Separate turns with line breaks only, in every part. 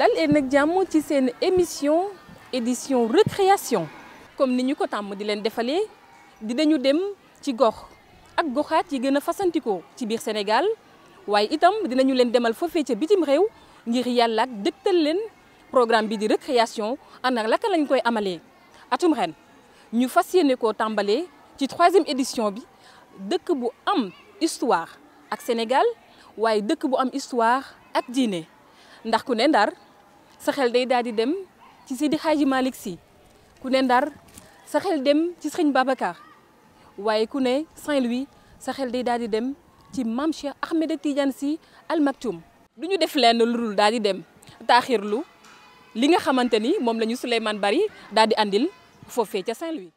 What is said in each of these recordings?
dal leen ak jàmm ci sen émission édition recréation comme niñu ko tam di len défalé di dinañu dem ci gox ak goxaat yi gën a ci biir Sénégal waye itam dinañu len démal fofé ci bitim réew ngir yalla ak dëgtal leen programme bi di recréation récréation ak lak lañ koy amalé atum ren ñu fas ko tambalé tàmbalee ci troisième édition bi dekk bu am histoire ak Sénégal waye dekk bu am histoire ak diiné ndax ku ne Ndar sa xel day daal di dem ci Seydi Hadji malik si ku ne Ndar sa dem ci Sëriñ babaka waaye ku ne Saint-Louis saxel xel day daal di dem ci Mame Cheikh Ahmed Tidiane Sy Al Maktoum du ñu def lenn lu dul daal di dem taaxirlu li nga xamante ni moom la ñu Souleymane Bari daal di andil foofee ca Saint-Louis.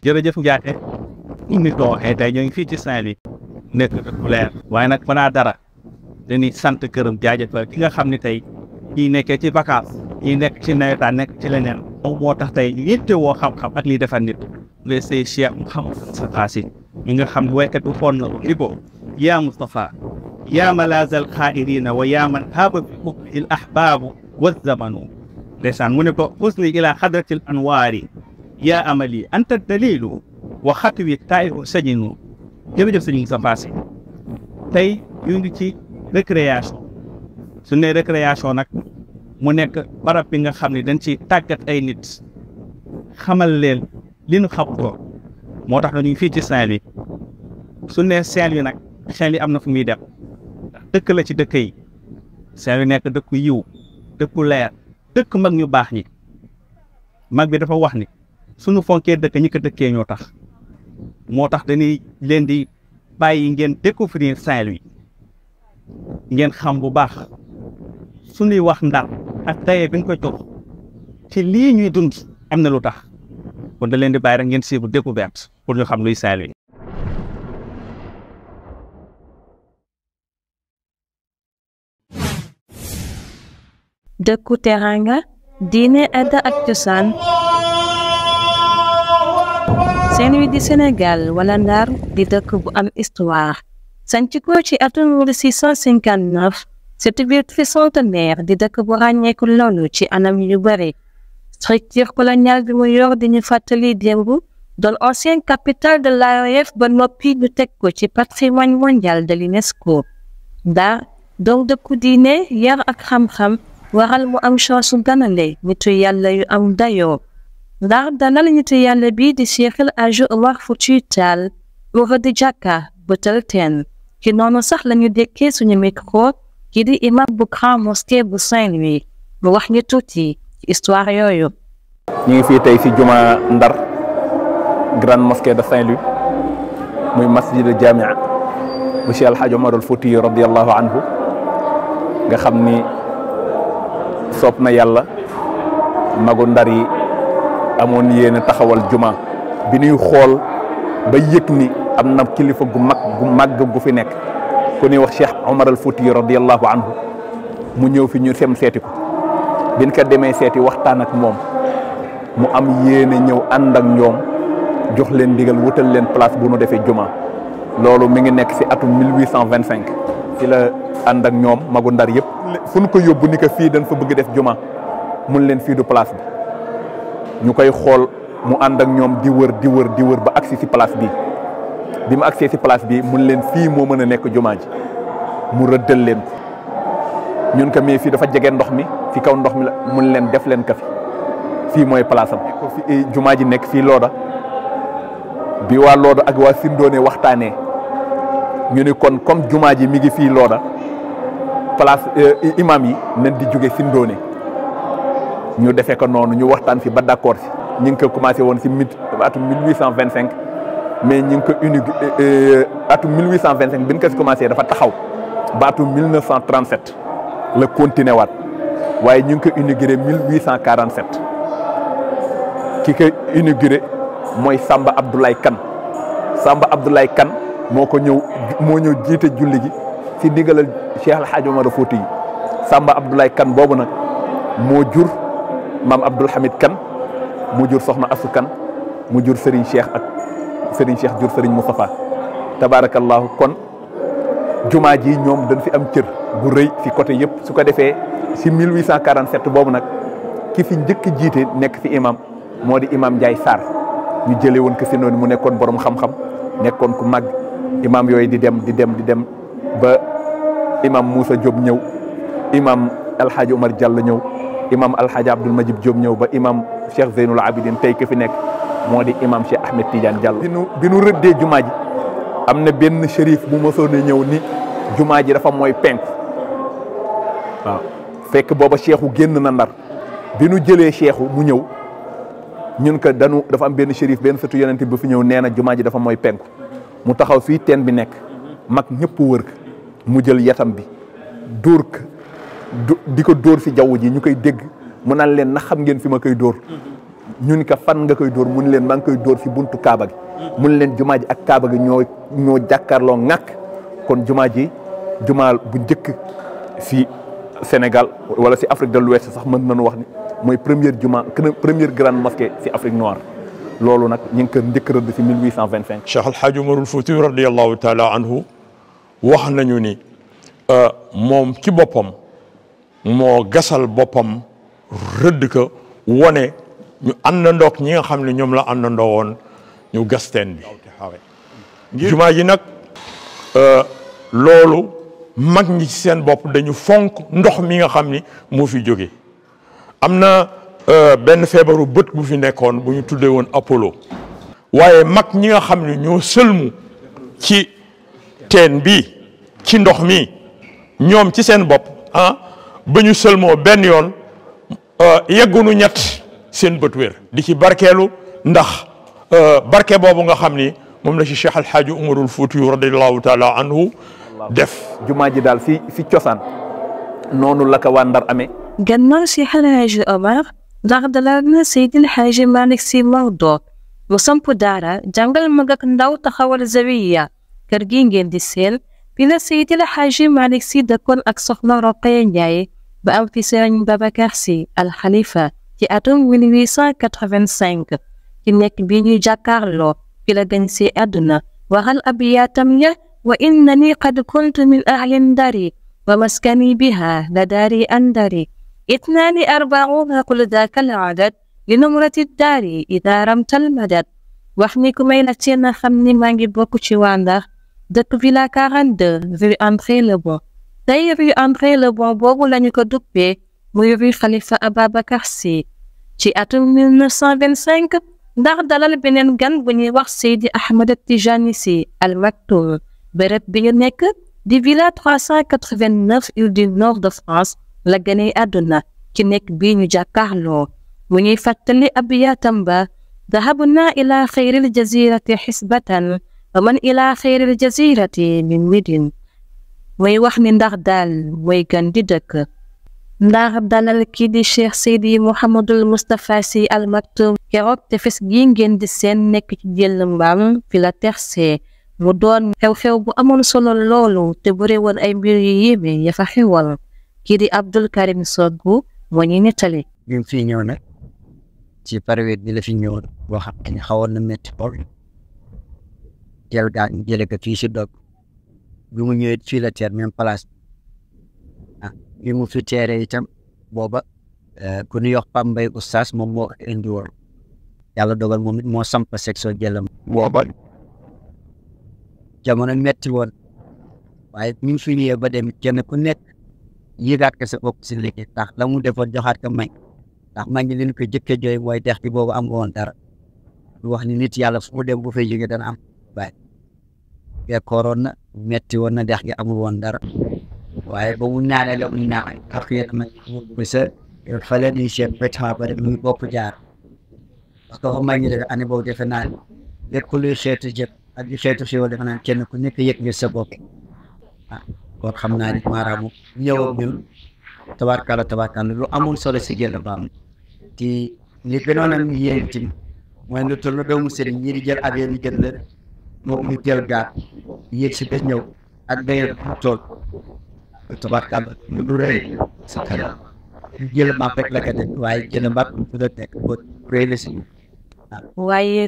jërëjëf Ndiakhate ni ko waxee tey ñoo fii ci Saint-Louis nekk leer waaye nag mën dara. dañuy sant këram jaajëfal ki nga xam ne tey ñi nekkee ci vacance ñi nekk ci nawetaan nekk ci leneen moom moo tax tey yitte woo xam-xam ak liy defar nit les say Cheikh Mouhamed sa xaasi nga xam ne waykat bu foon na ko ni ko yaa Moustapha yaa malazal xaairina wa yaa man haaba bi xubbi l ahbaabu wa zamanu ndeysaan mu ne ko xusni ila xadratil anwaari yaa amali anta dalilu wa xatu wi taayi o sañinu jërëjëf sëñ Moussa Fassé tey ñu ngi ci récréation su ne récréation nag mu nekk barab bi nga xam ni dañ ci tàggat ay nit xamal leen li ñu xam ko moo tax nañu fii ci Saint-Louis su ne Saint-Louis nag saint yi am na fu muy dem ndax dëkk la ci dëkk yi Saint-Louis nekk dëkku yiw dëkku leer dëkk mag ñu baax ñi mag bi dafa wax ni suñu fonkee dëkk ñi ko dëkkee ñoo tax moo tax dañuy leen di bàyyi ngeen découvrir Saint-Louis ngeen xam bu baax suñuy wax ndal ak daye biñ koy jox ci li ñuy dund am na lu tax kon da leen di bàyyi rek ngeen suivre découverte pour ñu xam luy Saint-Louis
dëkku teranga diine aada ak cosaan seen wi di Sénégal wala Ndar di dëkk bu am histoire sanc ko ci atum 1659 cette ville de centenaire di Chi bu ràññeeku ci anam bare structure coloniale du moyen de de ñu fàttali dans l'ancienne capitale de l'AEF, ba de ñu patrimoine mondial de l'UNESCO Da, donc de diine yar ak à waral mu am chance su ganale nitu yàlla yu am bi di Cheikh El Hadji Omar Foutiyou Tall Ten. ki que não nos sahlan yudeke sunye mikro kidi ima bukra mosquée bu saint louis bu wax ni tuti histoire yoyu
ñi ngi fii tey si juma ndar grand mosquée de saint louis muy masjid jamia bu cheikh alhaj omar al fouti radiallahu anhu nga xamni ni soob na yàlla magu ndar yi amone yene taxawal juma bi ñuy xol ba yekni amna kilifa gu mag gu mag gu fi nek ku ni wax Cheikh Omar al Fouti radiyallahu anhu mu ñew fi ñu sem seti ko biñ ko demee seti waxtaan ak mom mu am yéene ñew and ak ñom jox leen digal wutal leen place bu nu defee juma lolu mi ngi nek ci atum 1825 ci la and ak ñom magu ndar yëpp fu ñu ko yobbu ni ko fi dañ fa bëgg def juma mu leen fi du place bi ñu koy mu and ak ñom di wër di wër di wër ba aksi ci place bi bi mu agsee si place bi mun leen fii moo mën a nekk jumaa ji mu rëddal leen ko ñun ko mais fii dafa jege ndox mi fi kaw ndox mi la mun leen def leen ka fi fii mooy place am fi eh, jumaa ji nekk fii looda bi waa looda ak waa sindoone waxtaanee ñu ni kon comme jumaa ji mi ngi fii looda place eh, imam yi nañ di jóge si sindoone ñu defee ko noonu ñu waxtaan si ba d'accord si ñu ngi ko commencé woon si mi atum 1825 mais ñu ngi ko unique euh, euh, atum 1825 bi ñu ko si commencé dafa taxaw ba atum 1937 la continué waat waaye ñu ngi ko inauguré 1847 ki ko inauguré mooy Samba Abdoulaye kan Samba Abdoulaye kan moo ko ñëw moo ñëw jiite julli gi si diggalal Cheikh El Hadj Omar Fouti yi Samba Abdoulaye kan boobu nag moo jur maam Abdoul kan Kane mu jur Soxna Asu Kane mu jur Serigne Cheikh ak. Serigne Cheikh jur Serigne Moustapha tabaarakallaahu kon jumaa ji ñoom dañ fi am cër bu rëy fi côté yëpp su ko defee si 1847 boobu nag ki fi njëkk jiite nekk fi imam moo di imam Ndiaye Sarr mu jëlee woon ko si mu nekkoon boroom xam-xam nekkoon ku mag imam yooyu di dem di dem di dem ba imam Moussa Diop ñëw imam Alhaji Omar Diallo ñëw imam Alhaji Abdoul Majib Diop ñëw ba imam Cheikh Zeynul Abidin tey ki fi nekk moo di imam Ahmed Tidiane Diallo de binu amne nu amna ben ji bu ma a ñew ni jumaa dafa moy penk wa fekk booba cheikhu genn na ndar binu nu jëlee cheikhu mu ñew ñun ka dañu dafa am ben shérif ben sëtu yonenti bu fi ñew nee na dafa moy penk mu taxaw fi ten bi nek mak ñepp wërk mu jël yatam bi durk diko dor fi mu nan leen na xam ngeen fi ma koy dor ñun ka fan nga koy dóor mun leen maa ngi koy dóor fi buntu Kaaba gi. mun leen jumaa ji ak Kaaba gi ñoo ñoo jàkkaarloo ŋàkk kon jumaa ji jumaa bu njëkk si Sénégal wala si Afrique de l'Ouest sax mën nañu wax ni mooy première jumaa première grande mosquée si Afrique noire. loolu nag ñu ngi ko njëkk rëdd si 1825. Cheikh El Hadj Umarul Fouti radiyallahu taala anhu wax nañu ni euh, moom ci boppam moo gasal boppam rëdd ko wone. ñu àndandoo ak ñi nga xam ni ñoom la àndandoo woon ñu gas teen bi jumaa ji nag euh, loolu mag ñi ci seen bopp dañu fonk ndox mi nga xam ni moo fi jóge am na euh, benn feebaru bët bu fi nekkoon bu ñu tuddee woon Apollo waaye mag ñi nga xam ne ñoo sëlmu ci teen bi ci ndox mi ñoom ci seen bopp ah ba ñu sëlmoo benn yoon euh, yeggunu ñett seen bët wér di ci barkeelu ndax barke boobu nga xam ni moom la ci Cheikh Alxaaji Umarul Fuutiyu radiallahu taala anhu def jumaa ji daal fi fi cosaan noonu la ko wàndar Ndar amee
gannaaw si Alxaaji Omar ndax dalal na Seydi Alxaaji Malick Sy Maodo mu samp daara jàngal mag ak ndaw taxawal zawiya kër gi ngeen di seen bi la Seydi Alxaaji Malick Sy dëkkoon ak soxna Roqaya Njaay ba am fi Sëriñ Babacar Sy alxalifa ci atum 1885 ci nekk bi ñuy jàkkaarloo ci la gën si àdduna waxal abiyaatam ya wa innani qad kuntu min ahlin dari wa maskani biha la dari an dari اثنان أربعون قل ذاك العدد لنمرة الدار إذا رمت المدد wax ni ku may la ci na xam ni maa ngi bokk ci waa Ndar dëkk villa 42 rue André Lebon tey rue André Lebon boobu lañu ko duppee ويوفي خليفة أبا بكر سيد في أتو 1925 دار دلال بنين غان بني وخ سيد أحمد التجاني سي المكتوب برد بني نيك دي فيلا 389 إل دي نور دو فرانس لغني أدنى كي نيك بني جا كارلو مني فتلي أبيا تنبا ذهبنا إلى خير الجزيرة حسبة ومن إلى خير الجزيرة من ودن ويوخ من دار ويغان دي ndax dalal kii di cheikh seydi mouhamadul moustapha si al maktoum keroog tefes gi ngeen di seen nekk ci jëll mbaam fi la terse mu doon xew-xew bu amoon solo loolu te bëri woon ay mbir yu yéeme kii di abdul karim soggu moo ñu nettali
bi fi ñëw nag ci parawet bi la fi ñëw boo na métti lool teew daan jële ko fii si dog bi mu ñëwee fii la teer yi mu fi teere itam booba eh, ku ñu yox Pam Mbay oustaz moom moo indi woon yàlla dogal moom it moo samp section jëlam booba jamono metti woon waaye ñu fi ñëwee ba dem kenn ku nekk yëgaat ko sa bopp si la mu defoon joxaat ko may ndax maa ngi leen ko jëkke jooy mooy dex gi boobu am dara lu wax ni nit yàlla fu de dem bu fay jóge dana am waaye fekkoroon na metti woon na dex gi amul woon waaye ba wuñ naa ne la wuñ naa affaire ma bisa fale ni seen pétan ba mu ngi jaar parce que xam ñu ne année boobu defe naa ne lépp luy xeetu jëpp ak li xeetu xéwal kenn ku nekk yëg nga sa bopp xam naa ni maaraamu ñëw ñun tabarkala tabarkala lu amul solo si jël ba am ti li gënoon am yéen tim mooy lu toll doomu sëriñ ñi di jël avion yi gën la moom ñu teel gaar si bés ñëw ak tabarkàlla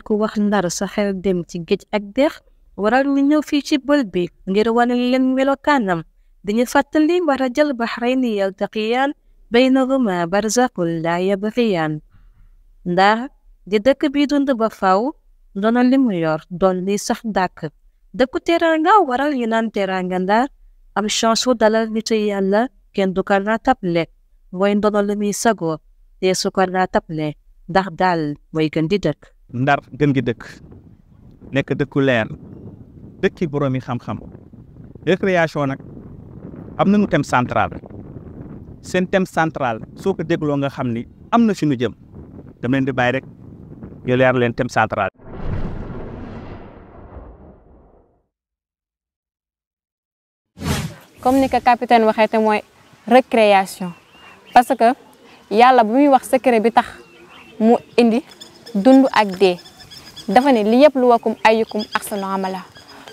ku wax ndar sa xel dem ci géej ak dex waral ñu ñëw fii ci bël bi ngir wane leen melokaanam dañu fàttali marajal bahrayni yaltaqiyaan baynahuma barzaxun laa yabxiyaan ndar di dëkk bi dund ba faw doona li yor doon li sax dàkk dëkku teraanga waral ñu naan teraanga Avishanshu dalal yalla kenn du ko naatable mooy ndono li muy sagoo te su ko naatable ndax daal mooy
gën di dëkk. ndar gën gi dëkk nekk dëkku leer dëkki borom yi xam-xam récréation nag am nañu thème central seen tem central soo ko dégloo nga xam ni am na suñu jëm dama leen di bàyyi rek ñu leer leen thème central.
comme ni ko capitaine waxee te mooy récréation parce que yàlla bu muy wax secret bi tax mu indi dund ak dee dafa ne li yëpp lu wakum ayyukum ahsanu amala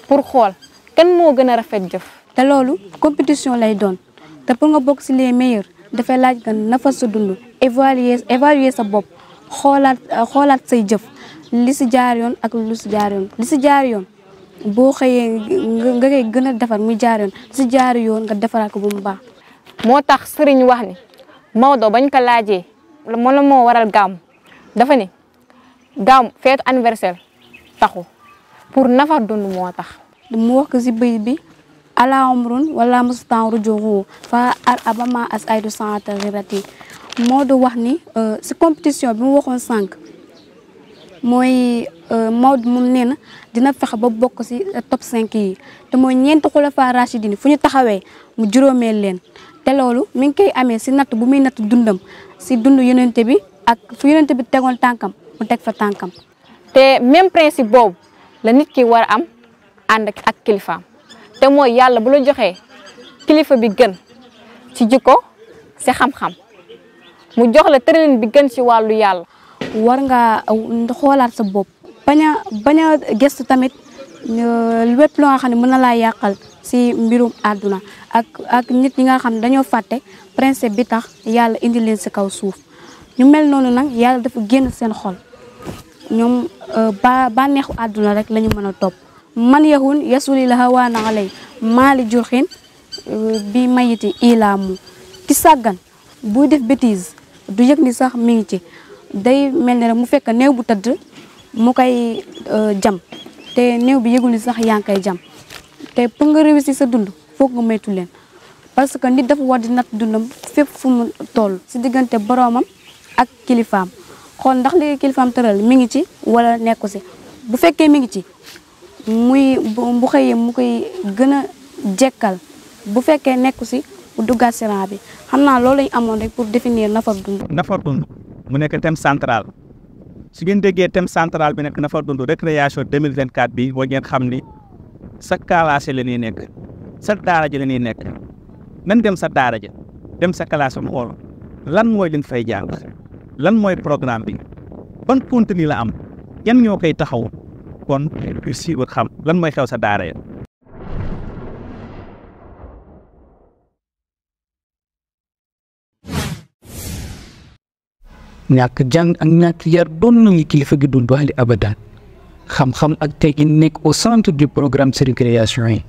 pour xool kan moo gën a rafet jëf. te loolu compétition lay doon te pour nga bokk ci les meilleurs dafay laaj nga nafa sa dund évaluer évaluer sa bopp xoolaat xoolaat say jëf li ci jaar yoon ak lu ci jaar yoon li ci jaar yoon. boo xëyee nga koy gën a defar mu jaar si jaar yoon nga defaraa ko bu mu baax. moo tax sëriñ wax ni Maodo bañ ko laajee moo la moo waral gàmm dafa ni gàmm feetu anniversaire taxu pour nafar dund moo tax. mu wax ko si bëy bi ala umrun wala mustan rujuhu fa ar abama as aydu sanata rati Maodo wax ni euh, si compétition bi mu waxoon sànq. Moy euh, maud mun neena dina fex ba bok si euh, top 5 yi te moy ñent khulafa rashidin fu ñu taxawee mu juróomeel leen té lolu mi ngi koy amé si nat bu muy nat dundam si dundu yonenté bi ak fu yonenté bi tegoon tankam mu tek fa tankam te même principe bob la nit ki war am and ak kilifaam té moy yalla bu lo joxé kilifa bi gën ci jikko si xam-xam mu jox la tëralin bi gën si walu yalla war nga uh, xolaat sa bop baña baña gestu tamit lepp lo nga xamne mëna la yakal ci mbirum aduna ak ak nit yi nga xamne dañu faté principe bi tax yalla indi len ci kaw suuf ñu mel nonu nak yalla dafa genn seen xol ñom uh, ba banexu aduna rek lañu mëna top man yahun hawa na alay mali jurhin uh, bi mayiti ilamu ki sagan bu def bêtise du yekni sax mi ngi ci day mel ne rek mu fekk néew bu tëdd mu koy euh, jam te néew bi yëgul ni sax yaa koy jam te pour nga réussir sa dund foog nga moytu leen parce que nit dafa war di natt dundam fépp fu mu toll si diggante boroomam ak kilifaam xool ndax li kilifaam tëral mi ngi ci walla nekku si bu fekkee mi ngi ci muy bu xëyee mu koy gën a jekkal bu fekkee nekku si bu duggaat si rang bi xam naa loolu lañ amoon rek pour définir nafar dund
nafar dund mu nekk thème central su ngeen déggee thème central bi nag nafa dund récréation 2024 bi boo ngeen xam ni sa classe la ñuy nekk sa daara ji la ñuy nekk nan dem sa daara ji dem sa classe am xool lan mooy liñ fay jàng lan mooy programme bi ban contenu la am yan ñoo koy taxaw kon pour suivre xam lan mooy xew sa daara
ñàkk jàng ak ñàkk yar doon nañu
kilifa gi dul baali abada xam-xam ak teggin nekk au centre di programme si récréation yi.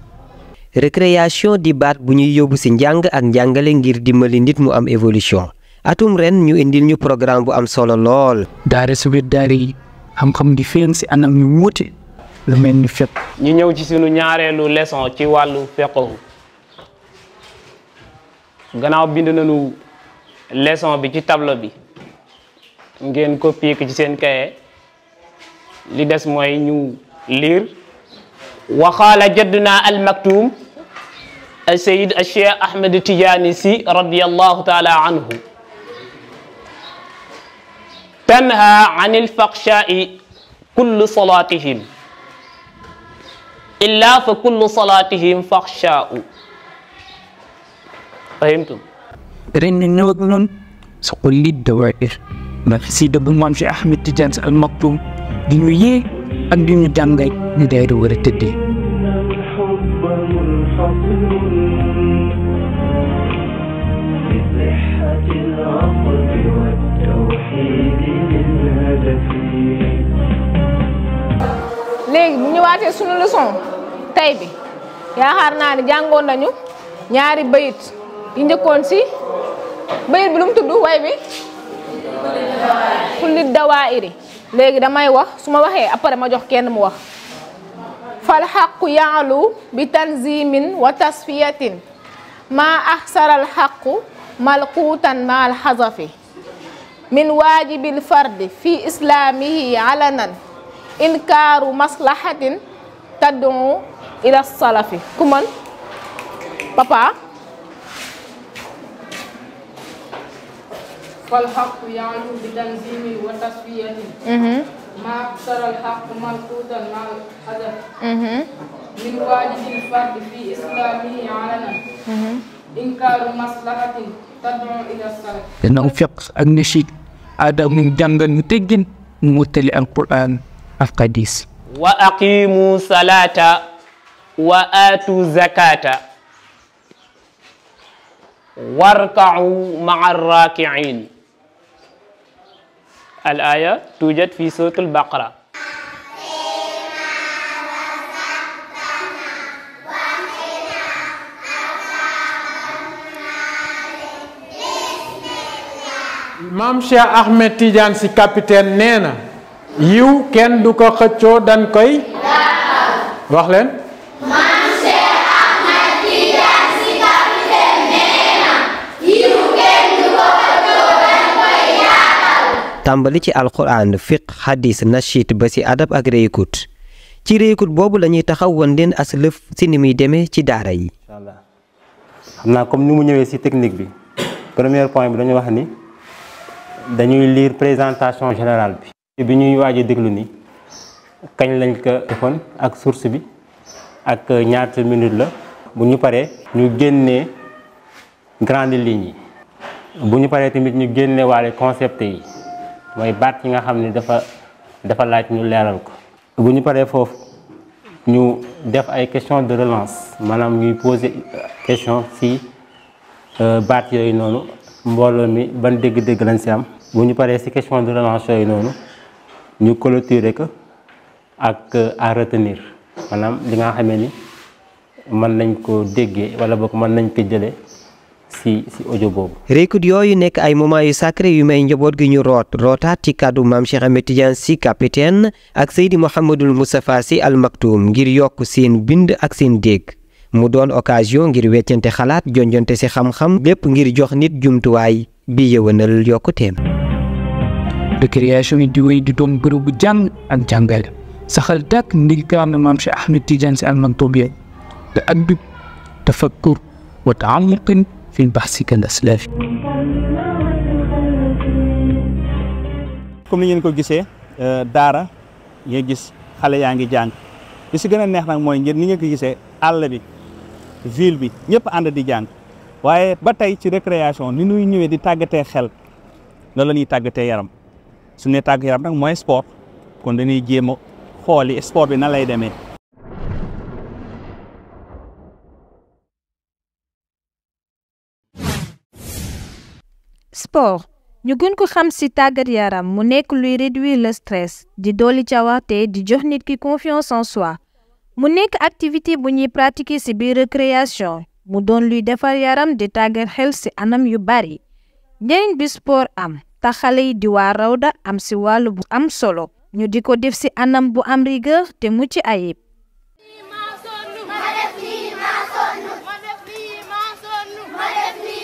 récréation di baat bu ñuy yóbbu si njàng ak njàngale ngir dimbali nit mu am évolution atum ren ñu indil ñu programme bu am solo lool. daara su biir yi xam-xam di feeñ si anam yu wuute lu mel ni ñu
ñëw ci sunu ñaareelu leson ci wàllu fiqhu gannaaw bind nañu leçon bi ci tableau bi. ngeen copier ko ci seen kaye li des mooy ñu lire wa qaala jadduna al maktum al sayid al cheikh ahmed tijaani si radiallahu taala anhu tanha an alfaqshai kullu salatihim illa fa kullu salatihim faqshau فهمتم؟ رن النوب سقل الدوائر Nah, si xasida bu maam Cheikh Ahmed Tidiane Sy Al Maktoum di ñu yé ak di ñu jàngay ni day do wara tëddee
légui bu ñu waté suñu leçon tay bi
ya xaar na ni jangoon nañu ñaari bayit yi njëkkoon ci bayit bi lu mu tuddu way bi كل الدوائر لغي داماي واخ سوما واخي ابره ما جوخ كين مو فالحق يعلو بتنزيم وتصفيه ما اخسر الحق ملقوتا مع الحذف من واجب الفرد في اسلامه علنا انكار مصلحه تدعو الى السلف كمان بابا فالحق يعلو بتنظيم وتصفية ما أكثر الحق ملكوتا مع الحدث من واجب الفرد في إسلامه
علنا إنكار مصلحة
تدعو إلى الصلاة لأنه فقه النشيد هذا من جنب المتجن متلئ القرآن القديس وأقيموا صلاة وآتوا زكاة واركعوا مع الراكعين الآية توجد في سورة البقرة
مام شا أحمد تيجان سي كابتن نينا يو كن دوكا خطو دان كوي واخلين
tàmbali ci alquran fiq hadis nashit ba si adab ak réykut ci réykut boobu lañuy taxaw woon leen as lëf si ni muy demee ci daara yi. incha xam naa comme ni mu ñëwee si technique bi
premier point bi dañu wax ni dañuy liir présentation générale bi. bi ñuy waaj déglu ni kañ lañ ko defoon ak source bi ak ñaata minute la bu ñu paree ñu génnee grandes lignes yi bu ñu paree tamit ñu génne waale concept yi. mooy baat yi nga xamni dafa dafa laaj ñu léral ko bu ñu paré fofu ñu def ay questions de relance manam ñuy poser question si euh, baat yooyu noonu mbooloo mi ban dégg-dégg lañ ci am bu ñu paré ci question de relance yooyu noonu ñu clôturer ko ak euh, à retenir manam li nga xamee ni mën nañ ko déggé wala bok man nañ ko jëlé fi si audio boobu
réekud yoyu nek ay moment yu sacré yu may njobot gi ñu rot rota ci cadeau mam Cheikh Ahmed Tidiane si capitaine ak Seydi mohammedul mustafa si al maktoum ngir yok seen bind ak seen deg mu doon occasion ngir weccante xalaat jonjonte ci xam-xam lépp ngir jox nit jumtuwaay bi yëwanal yokkuteem
de création yi di wéy di doon bërëbu jang ak jàngale saxal tak ndig kan mam Cheikh Ahmed Tidiane si al maktoum yeeg da ak bi tafakkur wa taamuqin في pasti كان أسلافي
comme ni ngeen ko gisee euh, daara nga gis xale yaa ngi jàng li si bi ville bi ñëpp ànd di jàng waaye ba tey ci récréation ni nuy ñëwee di tàggatee xel loolu la ñuy tàggatee yaram su ne tàgg
sport ñu gën ko xam yaram mu nekk réduire le stress di di confiance en soi mu nekk activité bu ñuy pratiquer ci biir récréation mu doon luy defar yaram di anam yu bari bi sport am te am solo ñu di anam bu te ayib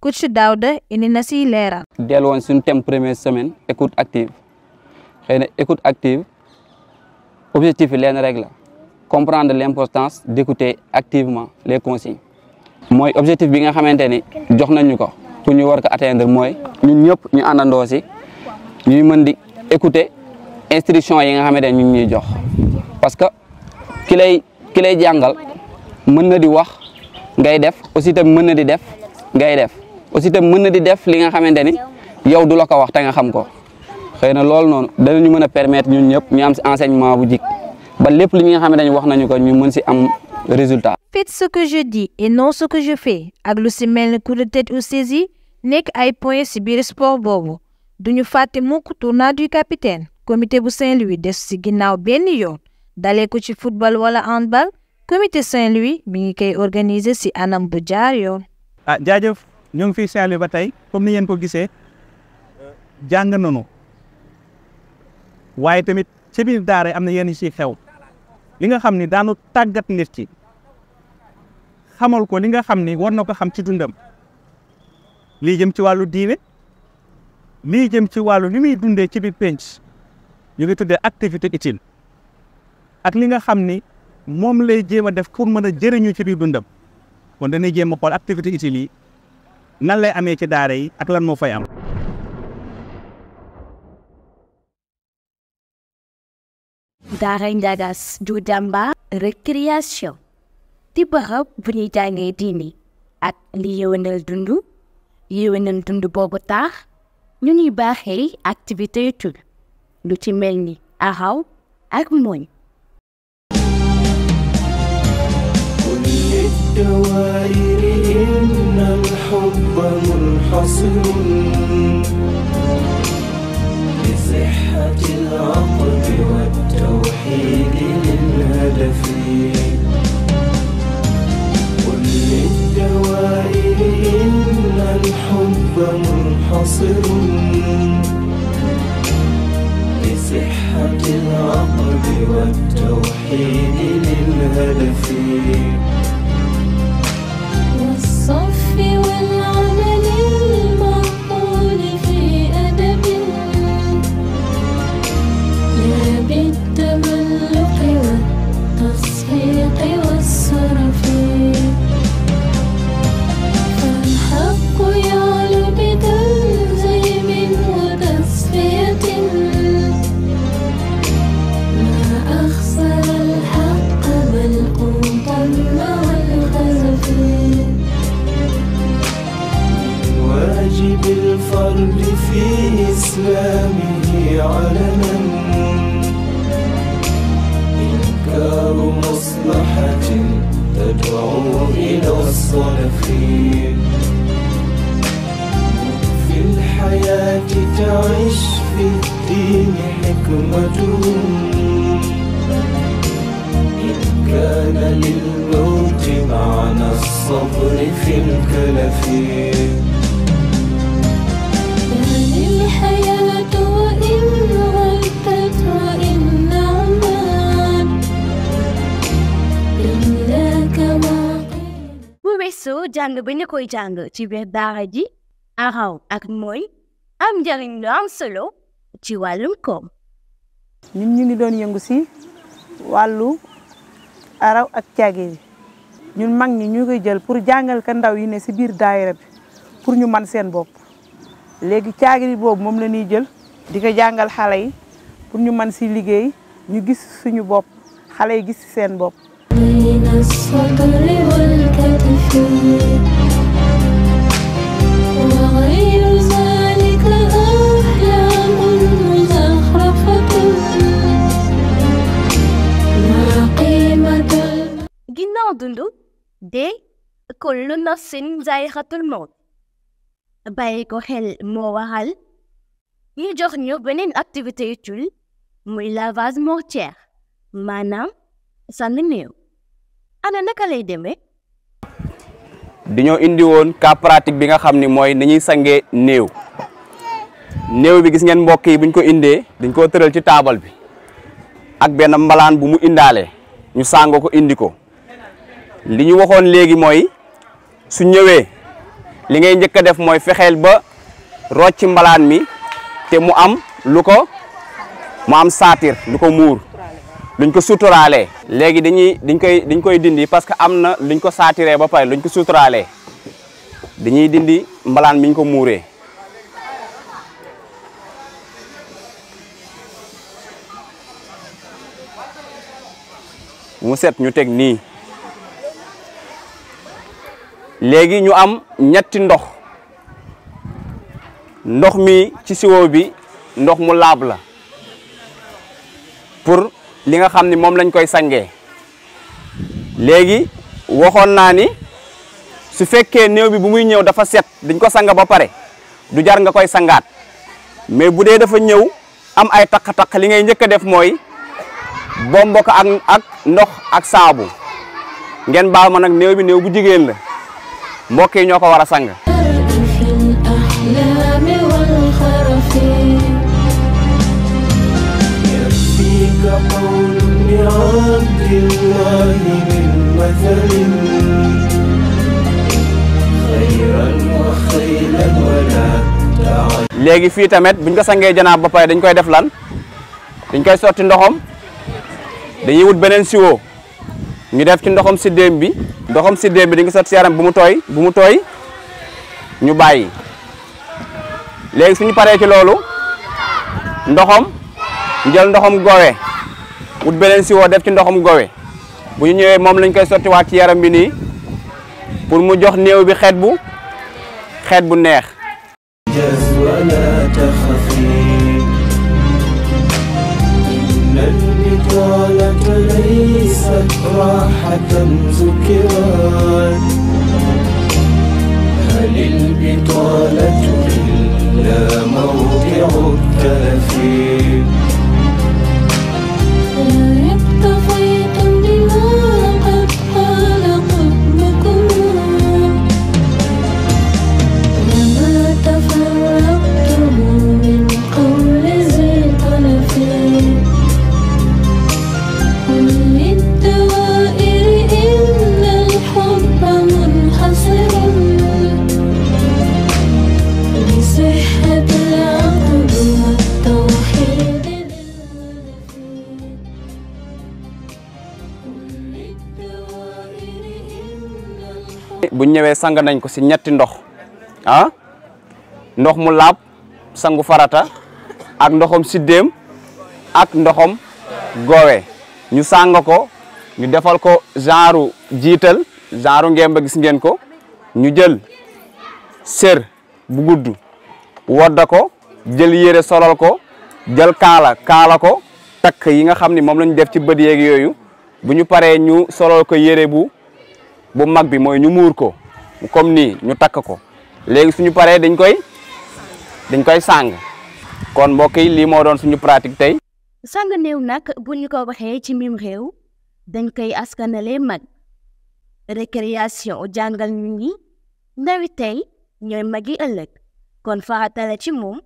coach Daouda ini nasi lera.
leeral. dellu sun tem premier semaine écoute active xëy écoute active objectif rek la comprendre l'importance d'écouter activement les consignes. objectif bi nga xamante jox nañu ko pour ñu war ko atteindre mooy ñun ñëpp ñu àndandoo si ñuy mën di écouter instruction yi nga xamante ñu ñuy jox parce que ki lay mën na di wax ngay def aussi mën na di def ngay def. aussi itam mën di def li nga xamante ni yow du la ko wax ta nga xam ko xeyna lool non dañu ñu mëna permettre ñun ñëpp ñu am si enseignement bu jik ba lepp li nga xamante dañu wax nañu ko ñu mën ci am résultat.
faites ce que je dis et non ce que je fais ak lu ci mel ni coup de tête ou saisie nek ay points ci biir sport boobu duñu fàtte mukk tournoi du capitaine comité bu Saint-Louis dess ci ginnaaw benn yoon dalé ko ci football wala handball comité Saint-Louis mi ngi kay organiser ci anam
bu jaar yoon. ah jaajëf. ñu ngi fii saint ba tey comme ni ngeen ko gisee jàng nañu waaye tamit ci biir daara am na yenn ci xew li nga xam ni daanu tàggat nit ci xamal ko li nga xam ni war na xam ci dundam lii jëm ci wàllu diine lii jëm ci wàllu li muy dundee ci biir penc ñu ngi tuddee activité utile ak li nga xam ni moom lay jéem a def pour mën a jëriñu ci biir dundam kon dañuy jéem a xool activité utile yi. nan lay amee ci daara yi ak lan moo fay am.
daara Ndiagas du Damba récréation di bërëb bu ñuy jàngee diini ak li dundu dund yéwénal dund boobu taax ñu ñuy baaxee activité yu lu ci mel ni axaw ak mooñ
الحب منحصر بصحة العقل والتوحيد للهدف قل للدوائر إن الحب منحصر بصحة العقل والتوحيد للهدف القلب في إسلامه علما إنكار مصلحة تدعو إلى الصلف في الحياة تعيش في الدين حكمة إن كان للموت معنى الصبر في الكلف
so jang ba ñu koy jang ci biir dara ji araw ak moy am jarign lo am solo ci walum koom
nim ñu ngi doon yëngu si walu araw ak tiagé ñun mag ñi ñu koy jël pour jangal ka ndaw yi ne ci bir daayira bi pour ñu man seen bop léegi caagiri boobu mom la ñuy jël di jangal xalé yi pour ñu man ci liggéey ñu gis suñu bop
xalé yi gis seen bop بين الصدر والكتف وغير ذلك
أحلام مزخرفة ما قيمة دي كل نفس ذائقة الموت بايكو حل مو وهل يجوخ نيو بنين اكتيفيتي تول muy lavage ana naka lay demee.
dañoo indi woon cas bi nga xam ni mooy ni ñuy sangee néew néew bi gis ngeen mbokk yi buñ ko indee dañ koo tëral ci taabal bi ak benn mbalaan bu mu indaale ñu sàngoo ko indi ko li ñu waxoon léegi mooy su ñëwee li ngay njëkk a def mooy fexeel ba rocc mbalaan mi te mu am lu ko mu am saatir lu ko muur luñ ko suturaalee léegi dañuy dañ koy dañ koy dindi parce que am na luñ ko saatiree ba pare luñ ko suturaalee dañuy dindi mbalaan miñ ko muuree mu set ñu teg nii léegi ñu am ñetti ndox ndox mi ci siwo bi ndox mu laab la pour li nga xam ni moom lañ koy sangee léegi waxoon naa ni su fekkee néew bi bu muy ñëw dafa set dañ ko sang ba pare du jar nga koy sangaat mais bu dee dafa ñëw am ay taq-taq li ngay njëkk a def mooy boo ko ak ak ndox ak saabu ngeen baa ma nag néew bi néew bu jigéen la mbokk ñoo ko war a sang léegi fii tamit buñ ko sangee janaab ba dañ koy def lan dañ koy sotti ndoxam dañuy wut beneen siwo ñu def ci ndoxam siddéem bi ndoxam siddéem bi dañ ko sotti si yaram mu tooy bu mu tooy ñu bàyyi léegi suñu paree ci loolu ndoxam njël ndoxam gowe wut beneen siwo def ci ndoxam gowe bu ñëwee moom lañ koy sottiwaat ci yaram bi nii pour mu jox néew bi xeet bu xeet bu neex
راحة ذكران هل البطالة إلا موضع التأثير
bu ñëwee sang nañ ko ci ñetti ndox ah ndox mu laab sangu farata ak ndoxom sidem, ak ndoxom gowé ñu sang ko ñu défal ko genre jital genre ngemba gis ngeen ko ñu jël ser bu gudd wodda ko jël yéré solal ko jël kala kala ko tak yi nga xamni mom lañu def ci bëd yoyu bu ñu ñu solal ko yéré bu bu mag bi mooy ñu muur ko comme nii ñu takk ko léegi suñu paree dañ koy dañ koy sang kon mbokk yi lii moo doon suñu pratique tey.
sàng néew nag bu ñu ko waxee ci mim réew dañ koy askanale mag récréation jàngal ñu ñi ndawi tey ñooy magi ëllëg kon farata la ci moom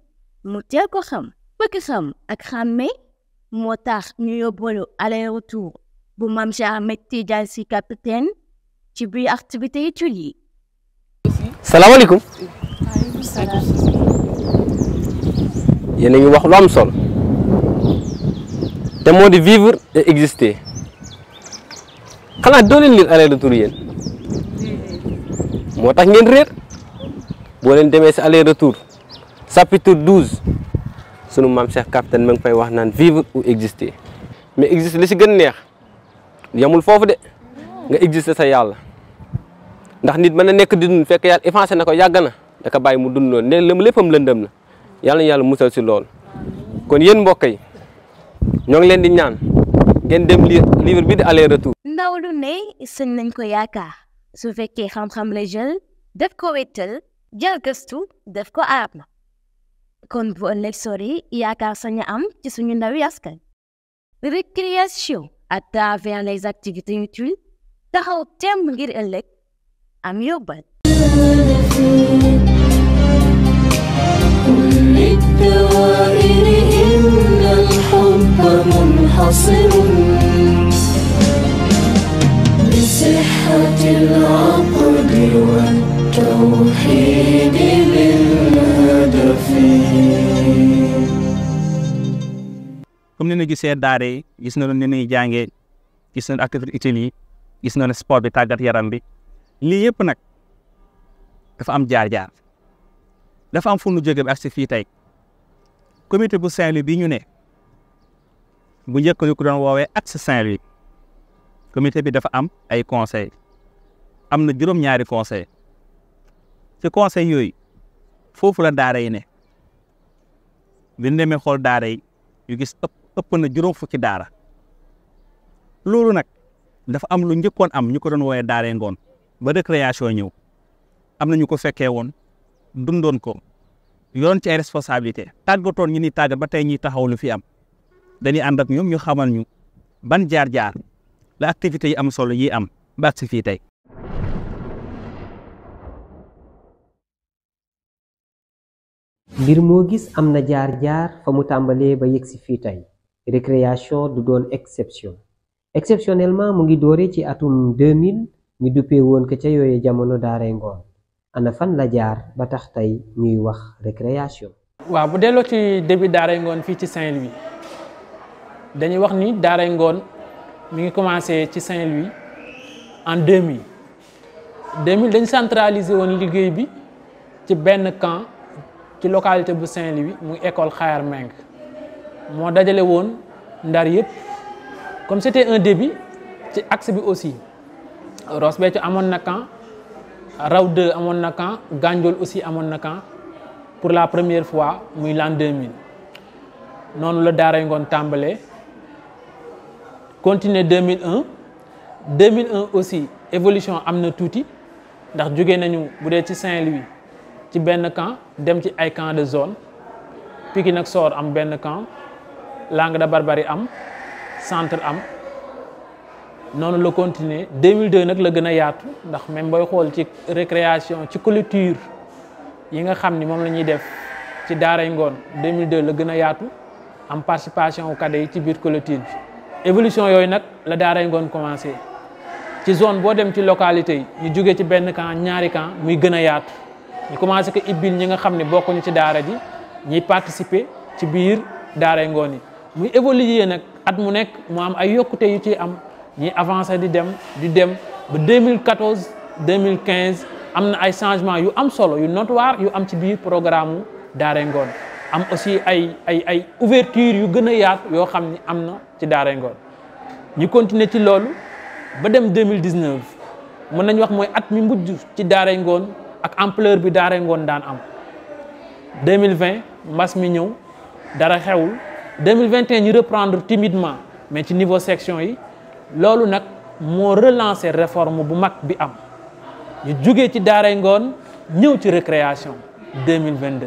mu teel ko xam bëgg xam ak xàmme moo tax ñu yóbbalu aller retour bu Mame Cheikh Ahmed Tidiane Sy capitaine. ci bi activité yi tuli
salam alaykum a
ngi wax lu am solo. té modi vivre et exister. xanaa do len lire aller retour tour yeen motax ngeen reer bo len démé ci aller retour. chapitre 12 sunu mam Cheikh Capitaine mang fay wax nan vivre ou exister. mais exister li ci gën neex yamul fofu de. nga exister sa yàlla ndax nit mën na nekk di dund fekk yàlla effacé na ko yàgg na da ko bàyyi mu dund loolu ne lëm léppam lëndëm la yàlla na yàlla musal si lool kon yéen mbokk yi ñoo ngi leen di ñaan ngeen dem lire livre bi di aller retour.
ndaw ne sëñ nañ ko yaakaar su fekkee xam-xam la jël def ko wéttal jël gëstu def ko aar na kon bu ëllëg sori yaakaar sañ am ci suñu ndawi askan. récréation à travers les activités utiles. taxaw temm ngir ëllëg am yóbbal
للدوائر إن الحب منحصر بصحة العقد والتوحيد للهدف
comme ni ñu gisee daara yi gis nañu ni ñuy jàngee gis nañu activité yi gis na ne sport bi tàggat yaram bi lii yëpp nag dafa am jaar-jaar dafa am fu nu bi ak si fii tey comité bu Saint-Louis bi ñu ne bu njëkk ñu ko doon woowee ak si comité bi dafa am ay conseil am na juróom-ñaari conseil ci conseil yooyu foofu la daara yi ne bi neme demee xool daara yi yu gis ëpp ëpp na juróom fukki daara loolu nag dafa am lu njëkkoon am ñu ko doon wooye daaree ngoon ba récréation ñëw am na ñu ko fekkee woon dundoon ko yoon ci ay responsabilité tàggatoon ñu ni tàggat ba tey ñuy taxaw lu fi am dañuy ànd ak ñoom ñu xamal ñu ban jaar-jaar la activité yi am solo yi am ba si fii tey.
mbir moo gis am na jaar-jaar fa mu tàmbalee ba yegg si fii tey récréation du doon exception. exceptionnellement mu ngi doore ci atum 2000 ñu duppee woon ko ca yooyu jamono daaray ngoon ana fan la jaar ba tax tey ñuy wax récréation.
waaw bu delloo ci début daaray ngoon fii ci Saint-Louis dañuy wax ni daaray ngoon mu ngi commencé ci Saint-Louis en 2000 2000 dañu centraliser woon liggéey bi ci benn camp ci localité bu Saint-Louis muy école Xayar Meng moo dajale woon ndar yëpp. Comme c'était un début c'est axe bi aussi Ross Béthio amoon na camp Raw 2 na camp aussi amone na pour la première fois muy l'an 2000 Non le Daaray ngone tambalé continuer 2001 2001 aussi évolution amna touti ndax jóge nañu bu ci Saint-Louis ci ben camp dem ci ay camp de zone Pikine ak Sor am ben camp Langue de Barbarie am centre am non le continuer 2002 nak le gëna a yaatu ndax même boy xol ci récréation ci culture yi nga xamni ni lañuy def ci daaray ngone 2002 le gëna a yaatu am participation au cadre ci bir culture bi évolution yoy nak la daaray ngone commencé ci zone bo dem ci localité yi ñu jógee ci ben camp ñaari camp muy gëna a yaatu ñu commencé ko ibil ñi nga xamni ne ñu ci daara ji ñi participer ci bir daaray ngone ni muy évoluer nak at mu nekk mu am ay yokkute yu ci am ñuy avancé di dem di dem ba 2014 2015 am na ay changement yu am solo yu notoire yu am ci biir programme mu Ngone am aussi ay ay ay ouverture yu gën a yaatu yoo xam am na ci Daaray Ngone ñu continuer ci loolu ba dem 2019 mën nañu wax mooy at mi mujj ci Daaray Ngone ak ampleur bi Daaray Ngone daan am 2020 mbas mi ñëw dara xewul 2021 ñu reprendre timidement mais ci niveau section yi qui a relancé la réforme bu MAC bi am ñu jugee ci daaray récréation 2022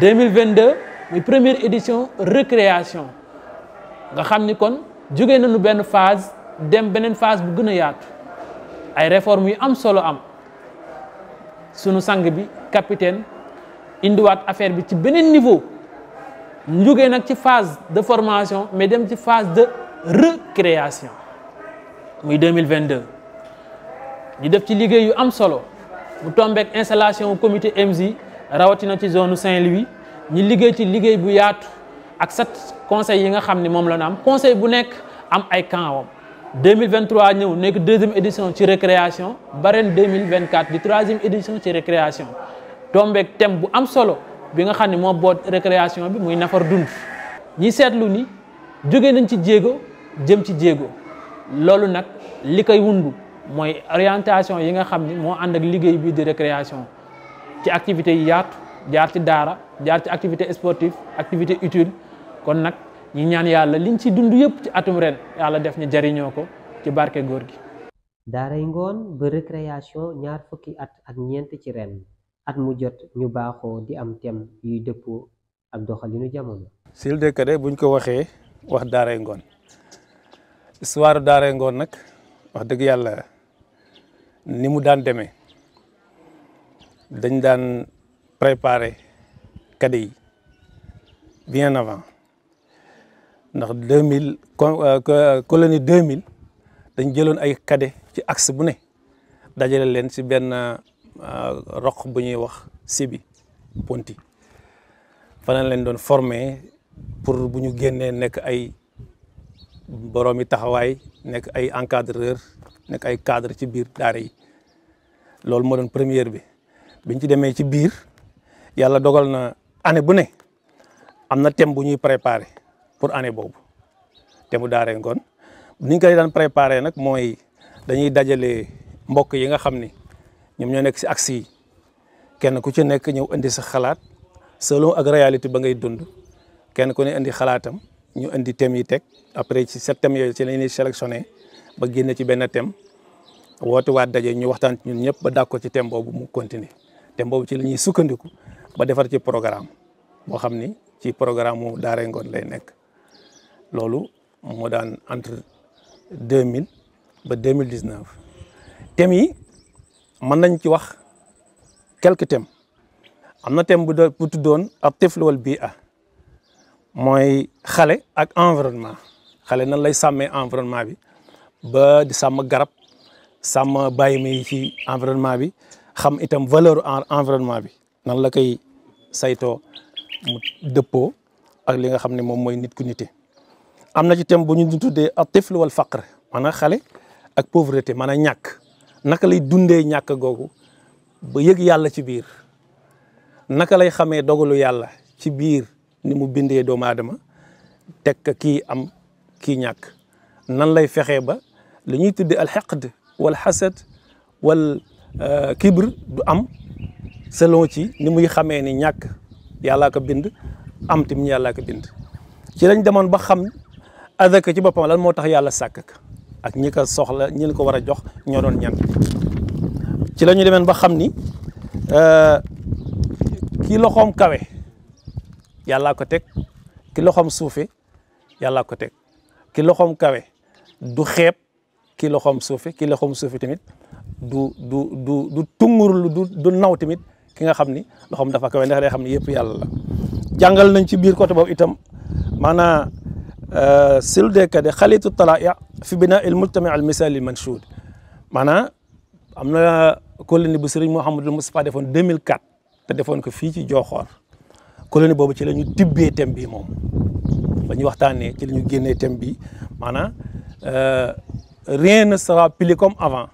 2022 la première édition récréation nga xam ni kon jugee nañu benn phase dem une phase bu gën a yaatu ay réformes yu am solo am sunu sang bi capitaine Il affaire bi ci beneen niveau jógee nag ci phase de formation mais dem ci phase de recréation muy deux ñu def ci liggéey yu am solo mu tombeek installation comité MJ rawatina ci zone Saint-Louis ñu liggéey ci liggéey bu yaatu ak sept conseil yi nga xam ni moom la ñu am conseil bu nekk am ay camp 2023 ñëw nekk deuxième édition ci récréation ba ren 2024 di troisième édition ci récréation tombeek thème bu am solo bi nga xam ne moo boot récréation bi muy nafar dund ñi seetlu ni jóge nañ ci jéego jëm ci jéego loolu nag li koy wundu mooy orientation yi nga xam ni moo ànd ak liggéey bii di récréation ci activités yi yaatu jaar ci daara jaar ci activité sportive activité utile kon nag ñi ñaan yàlla liñ ci dund yëpp ci atum ren yàlla def ñu
jariñoo ko ci barke góor gi daaray ngoon ba récréation ñaar fukki at ak ñeent ci ren at mu jot ñu baaxoo di am thème yuy dëppoo ak doxalinu jamono.
Sil de Cade buñ ko waxee wax daaray ngoon histoire daaray ngoon nag wax dëgg yàlla ni mu daan demee dañ daan préparer cadets yi bien avant ndax deux mille euh, colonie deux mille dañ jëloon ay cadets ci axe bu ne dajale leen ci benn. Euh, roq bu ñuy wax sibi Ponti fa leen doon former pour bu ñu génnee nekk ay boroomi taxawaay nekk ay encadreur nekk ay cadre ci biir daara yi loolu moo doon première bi biñ ci demee ci biir yàlla dogal na année bu ne am na thème bu ñuy préparer pour année boobu thème bu daaree ngoon ni ñu koy daan préparer nag mooy dañuy dajale mbokk yi nga xam ni ñoom ñoo nekk si axe yi kenn ku ci nekk ñëw indi sa xalaat selon ak ba ngay dund kenn ku ne indi xalaatam ñu indi thèmes yi teg après ci sept thèmes yooyu ci la ñuy ba génne ci benn tem woote waat daje ñu waxtaan ñun ñëpp ba dàkk ko ci thème boobu mu continuer thème boobu ci lañuy sukkandiku ba defar ci programme boo xam ni ci programme mu Daaray Ngone lay nekk loolu moo daan entre mille ba deux mille dix-neuf yi. mën nañ ci wax quelques thèmes am na thème bu doon bu tuddoon ak bii wal bi'a mooy xale ak environnement xale nan lay sàmmee environnement bi ba di sàmm garab sàmm bàyyi may ci environnement bi xam itam valeur environnement bi nan la koy saytoo mu dëppoo ak li nga xam ne moom mooy nit ku nite am na ci thème bu ñu tuddee ak tifl wal faqr maanaam xale ak pauvreté maanaam ñàkk naka lay dundee ñàkk googu ba yëg yàlla ci biir naka lay xamee dogalu yàlla ci biir ni mu bindee doomu aadama teg kii am kii ñàkk nan lay fexee ba li ñuy tuddee alxaqd wal xasad wal euh, kibr du am selon ci ni muy xamee ni ñàkk yàlla ko bind am tamit yàllaa ko bind ci lañ demoon ba xam azaka ci boppam lan moo tax yàlla sàkk ka ak ñi ko soxla ñi ko war a jox ñoo doon ñan ci la ñu demeen ba xam ni euh, ki loxoom kawe yàllaa ko teg ki loxoom suufe yàllaa ko teg ki loxoom kawe du xeeb ki loxoom suufe ki loxoom suufe tamit du du du du lu du du naw tamit ki nga xam ni loxoom dafa kawe ndax xam ni yëpp yàlla la jàngal ci biir côté boobu itam maanaa sildekade euh, xalitu talaia fi bina il mujtami al misali manchud maanaam am na colonie bu Serigne Mouhamadul Moustapha defoon 2004 te defoon ko fii ci Joxoor colonie boobu ci la ñu tibbee thème bi moom ba ñu waxtaanee ci la ñu génnee thème bi maanaam euh, rien ne sera plus comme avant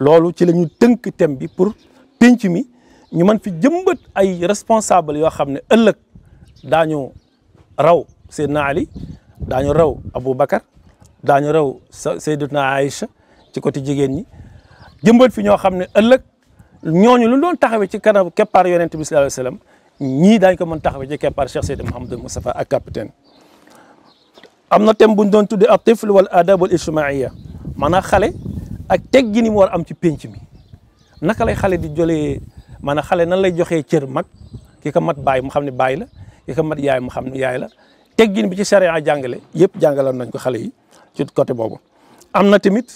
loolu ci la ñu tënk thème bi pour penc mi ñu man fi jëmbat ay responsable yoo xam ne ëllëg daañu raw Seydina Ali dañu raw abou bakkar dañu raw sayyidatuna aisha ci côté jigen ñi jëmbat fi ño xamne ëlëk ñoñu lu doon taxawé ci kanam képar yonent bi sallallahu alayhi wasallam ñi dañ ko mën taxawé ci képar Cheikh sayyid mohammed Moustapha ak capitaine amna tém buñ doon tuddé atifl wal adab al ijtimaia mana xale ak téggini mo war am ci pench mi naka lay xale di jolé mana xale nan lay joxé cër mag ki ko mat baay mu xamni ne la ki ko mat yaay mu xamni yaay la teggin bi ci sharia jangale yep jangalon nañ ko xalé yi ci côté bobu amna timit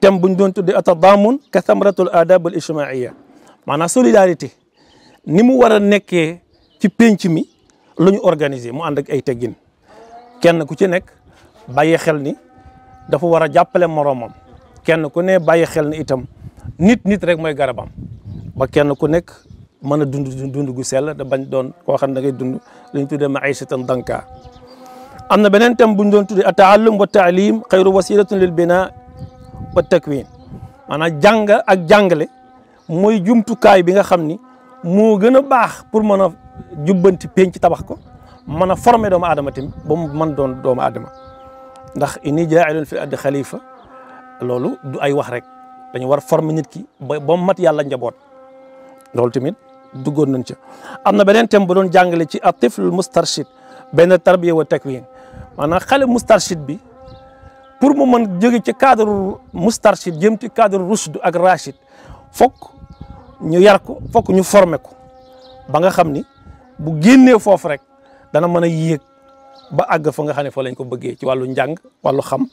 tem buñ doon tuddi atadamun ka thamratul adab al ijtimaia mana solidarité ni mu wara nekké ci pénc mi luñu organiser mu and ak ay teggin kenn ku ci nek baye xel ni dafa wara a moromam kenn ku ne baye xel ni itam nit nit rek moy garabam ba kenn ku nek mana a dund dund gu sel da bañ doon ko xam da ngay dund li ñu tuddee danka am na beneen thème bu ñu doon tuddee a taallum wa taalim xayru wasilatin lil bina wa takwin maanaam jàng ak jàngale mooy jumtukaay bi nga xam ni moo gën a baax pour mën a jubbanti penc tabax ko mën a former doomu aadama tamit ba mu mën doon doomu aadama ndax inni jaa'ilun fil ardi xalifa loolu du ay wax rek dañu war former nit ki ba ba mat yàlla njaboot loolu tamit duggoon nañ ca am na beneen thème bu doon jàngale ci atifl mustarshid benn tarbiya wa takwin maanaam xale mustarchid bi pour mu mën jóge ci cadre mustarchid jëm ci cadre rushd ak rachid fokk ñu yar ko fokk ñu former ko ba nga xam ni bu génnee foofu rek dana mën a yéeg ba àgg fa nga xam ne fa lañ ko bëggee ci wàllu njàng wàllu xam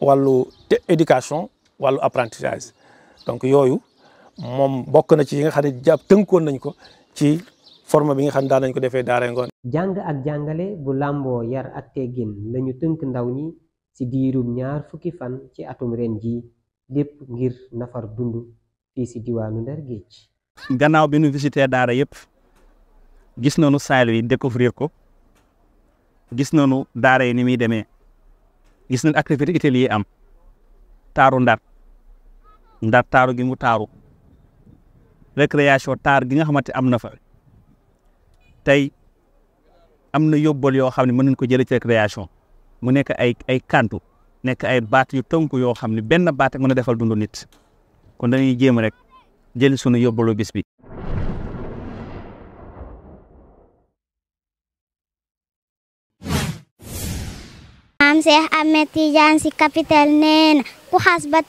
wàllu te éducation wàllu apprentissage donc yooyu moom bokk na ci yi nga xam ne jàpp tënkoon nañ ko ci forme bi nga xam daan nañ ko defee daaray ngoon
jàng ak jàngale bu làmboo yar ak teggin lañu tënk ndaw ñi ci diirum ñaar fukki fan ci atum ren ji lépp ngir nafar dund fii ci diwaanu Ndar Géej gannaaw bi nu visité daara yëpp gis nañu saal yi découvrir ko
gis nañu daara yi ni muy demee gis nañu activité itali am taaru Ndar Ndar taaru gi mu taaru récréation taar gi nga xamante am na tey am na yóbbal yoo xam ne mën nañ ko jële ci récréation mu nekk ay ay kantu nekk ay baat yu tënk yoo xam ne benn baat ak mën defal dundu nit kon dañuy jéem rek jël sunu yóbbalu bis
bi. maam Cheikh Ahmed Tidiane ku xas ba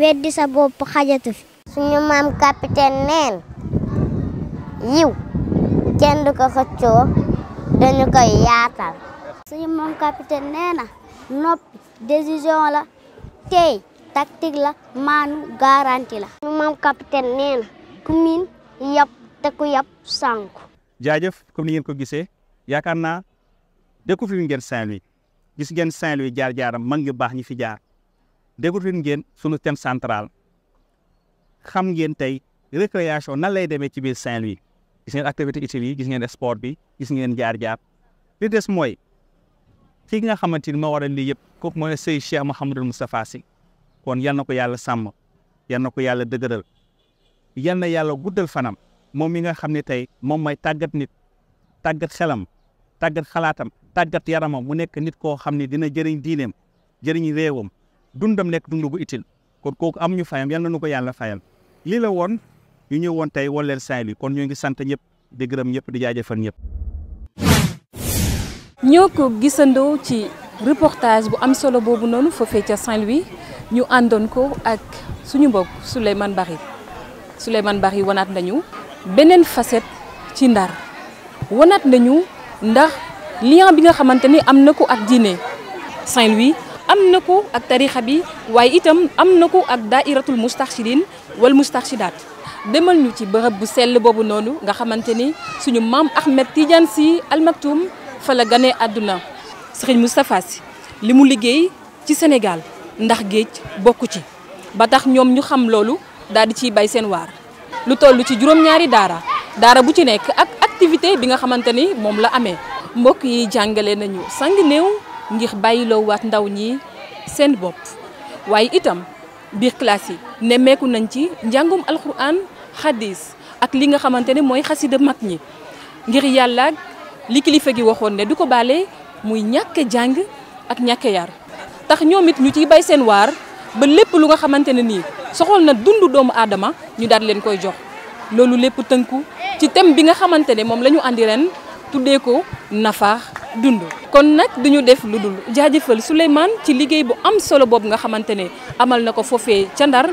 weddi sa bopp xajatu suñu maam capitaine nee yiw. kenn du ko xëccoo dañu koy yaatal suñu moom capitaine nee noppi décision la tey tactique la maanu garantie la suñu moom capitaine nee na ku miin yàpp te ku yàpp sànku
jaajëf comme ni ngeen ko gisee yaakaar naa découvrir ngeen Saint-Louis gis ngeen Saint-Louis jaar-jaaram mag ñu baax ñi fi jaar découvrir ngeen sunu thème central xam ngeen tey récréation na lay demee ci biir Saint-Louis gis ngeen activité utile yi gis ngeen sport bi gis ngeen jaar-jaar li des mooy ki nga xamante ni ma wara lii yëpp kooku mooy sëy Cheikh Mouhamadul Moustapha si kon yal na ko yàlla sàmm yal na ko yàlla dëgëral yal na yàlla guddal fanam moom mi nga xam ne tey moom mooy tàggat nit tàggat xelam tàggat xalaatam tàggat yaramam mu nekk nit koo xam ne dina jëriñ diinem jëriñ réewam dundam nekk dund bu utile kon kooku am ñu fayam yal na nu ko yàlla fayal ñu ñëw woon tey Wol Leen kon ñoo ngi sant ñëpp di ñëpp di jaajëfal ñëpp.
ñoo ko gisandoo ci reportage bu am solo boobu noonu foofee ca Saint-Louis ñu àndoon ko ak suñu mbokk Souleymane Bary Souleymane Bary wanaat nañu beneen facette ci Ndar wanaat nañu ndax lien bi nga xamante ni am na ko ak diine Saint-Louis. am na ko ak tarixa bi waaye itam am na ko ak daairatul mustaxidin wal mustaxidaat demal ñu ci bërëb bu sell boobu noonu nga xamante ni suñu maam Ahmed Tidiane si Al Maktoum fa la ganee àdduna Serigne Moustapha li mu liggéey ci Sénégal ndax géej bokk ci ba tax ñoom ñu xam loolu daal di ciy bay seen waar lu toll ci juróom-ñaari daara daara bu ci nekk ak activité bi nga xamante ni moom la amee mbokk yi jàngale nañu sang néew ngir bàyyiloo waat ndaw ñi seen bopp waaye itam biir classe yi nemmeeku nañ ci njàngum alxuraan Hadis, ak li nga xamantene ne mooy mak ñi ngir yalla li kilifa gi waxoon ne du ko muy ñaké jang ak ñaké yar tax ñomit ñu ci bay seen war ba lepp lu nga xamantene ne soxol na dundu doomu adama ñu daal leen koy jox lolu lepp teunku ci tem bi nga xamantene ne lañu andi ren tuddee ko nafaax dundu kon nak duñu def luddul jaajeufal ci liggey bu am solo bob nga xamantene ne amal nako fofé ci Ndar